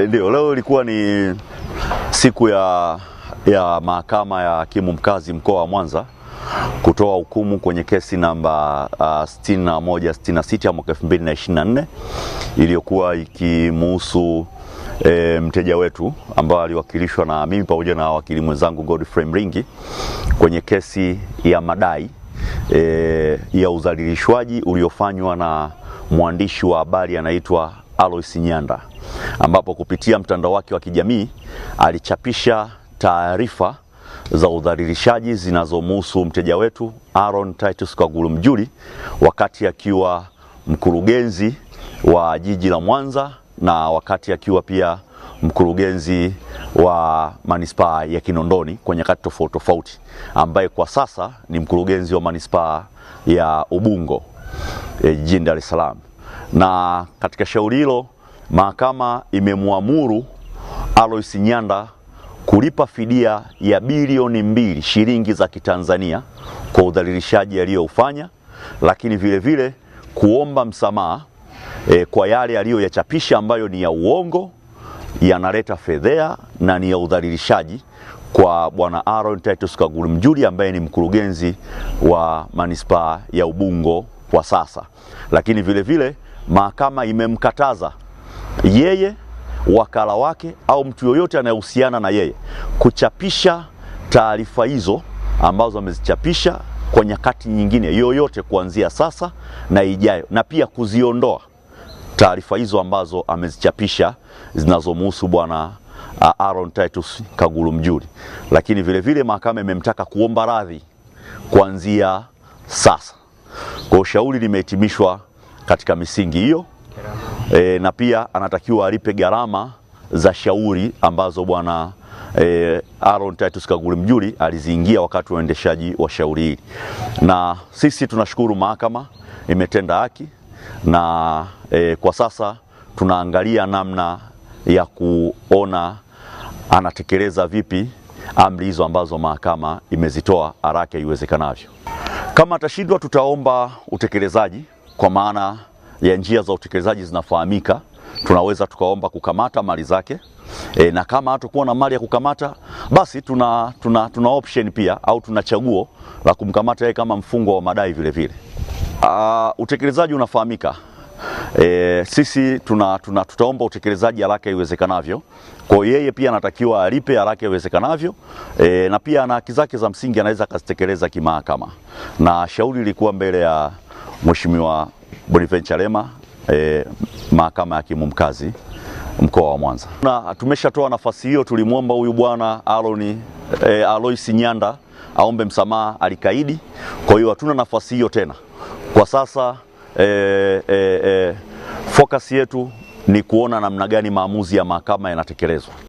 Eh, ndio, leo ilikuwa ni siku ya, ya mahakama ya hakimu mkazi mkoa wa Mwanza kutoa hukumu kwenye kesi namba uh, ah, 6166 ya mwaka 2024 iliyokuwa ikimuhusu E, mteja wetu ambaye aliwakilishwa na mimi pamoja na wakili mwenzangu Godfrey Mringi kwenye kesi ya madai e, ya udhalilishwaji uliofanywa na mwandishi wa habari anaitwa Alois Nyanda, ambapo kupitia mtandao wake wa kijamii alichapisha taarifa za udhalilishaji zinazomhusu mteja wetu Aaron Titus kagulu Mjuli wakati akiwa mkurugenzi wa jiji la Mwanza na wakati akiwa pia mkurugenzi wa manispaa ya Kinondoni kwa nyakati tofauti tofauti, ambaye kwa sasa ni mkurugenzi wa manispaa ya Ubungo eh, jijini Dar es Salaam na katika shauri hilo mahakama imemwamuru Alois Nyanda kulipa fidia ya bilioni mbili shilingi za Kitanzania kwa udhalilishaji aliyoufanya, lakini vile vile kuomba msamaha e, kwa yale aliyoyachapisha ambayo ni ya uongo, yanaleta fedhea na ni ya udhalilishaji kwa bwana Aaron Titus Kaguru Mjuri ambaye ni mkurugenzi wa manispaa ya Ubungo kwa sasa, lakini vile vile mahakama imemkataza yeye, wakala wake, au mtu yoyote anayehusiana na yeye kuchapisha taarifa hizo ambazo amezichapisha kwa nyakati nyingine yoyote kuanzia sasa na ijayo, na pia kuziondoa taarifa hizo ambazo amezichapisha zinazomhusu bwana uh, Aaron Titus Kaguru Mjuri. Lakini vile vile mahakama imemtaka kuomba radhi kuanzia sasa. Kwa ushauri limehitimishwa katika misingi hiyo e, na pia anatakiwa alipe gharama za shauri ambazo bwana e, Aaron Titus Kaguli Mjuli aliziingia wakati wa uendeshaji wa shauri hili, na sisi tunashukuru mahakama imetenda haki na e, kwa sasa tunaangalia namna ya kuona anatekeleza vipi amri hizo ambazo mahakama imezitoa haraka iwezekanavyo. Kama atashindwa, tutaomba utekelezaji kwa maana ya njia za utekelezaji zinafahamika, tunaweza tukaomba kukamata mali zake e, na kama hatakuwa na mali ya kukamata basi tuna, tuna, tuna option pia au tuna chaguo la kumkamata yeye kama mfungwa wa madai vile vile. Uh, utekelezaji unafahamika. E, sisi tuna, tuna, tutaomba utekelezaji haraka iwezekanavyo. Kwa yeye pia anatakiwa alipe haraka iwezekanavyo e, na pia ana haki zake za msingi anaweza akazitekeleza kimahakama, na shauri lilikuwa mbele ya Mheshimiwa Boniface Lema e, eh, mahakama ya hakimu mkazi mkoa wa Mwanza. Na tumeshatoa nafasi hiyo, tulimwomba huyu bwana Aaron e, Alois Nyanda aombe msamaha, alikaidi. Kwa hiyo hatuna nafasi hiyo tena kwa sasa. e, eh, e, e, fokasi yetu ni kuona namna gani maamuzi ya mahakama yanatekelezwa.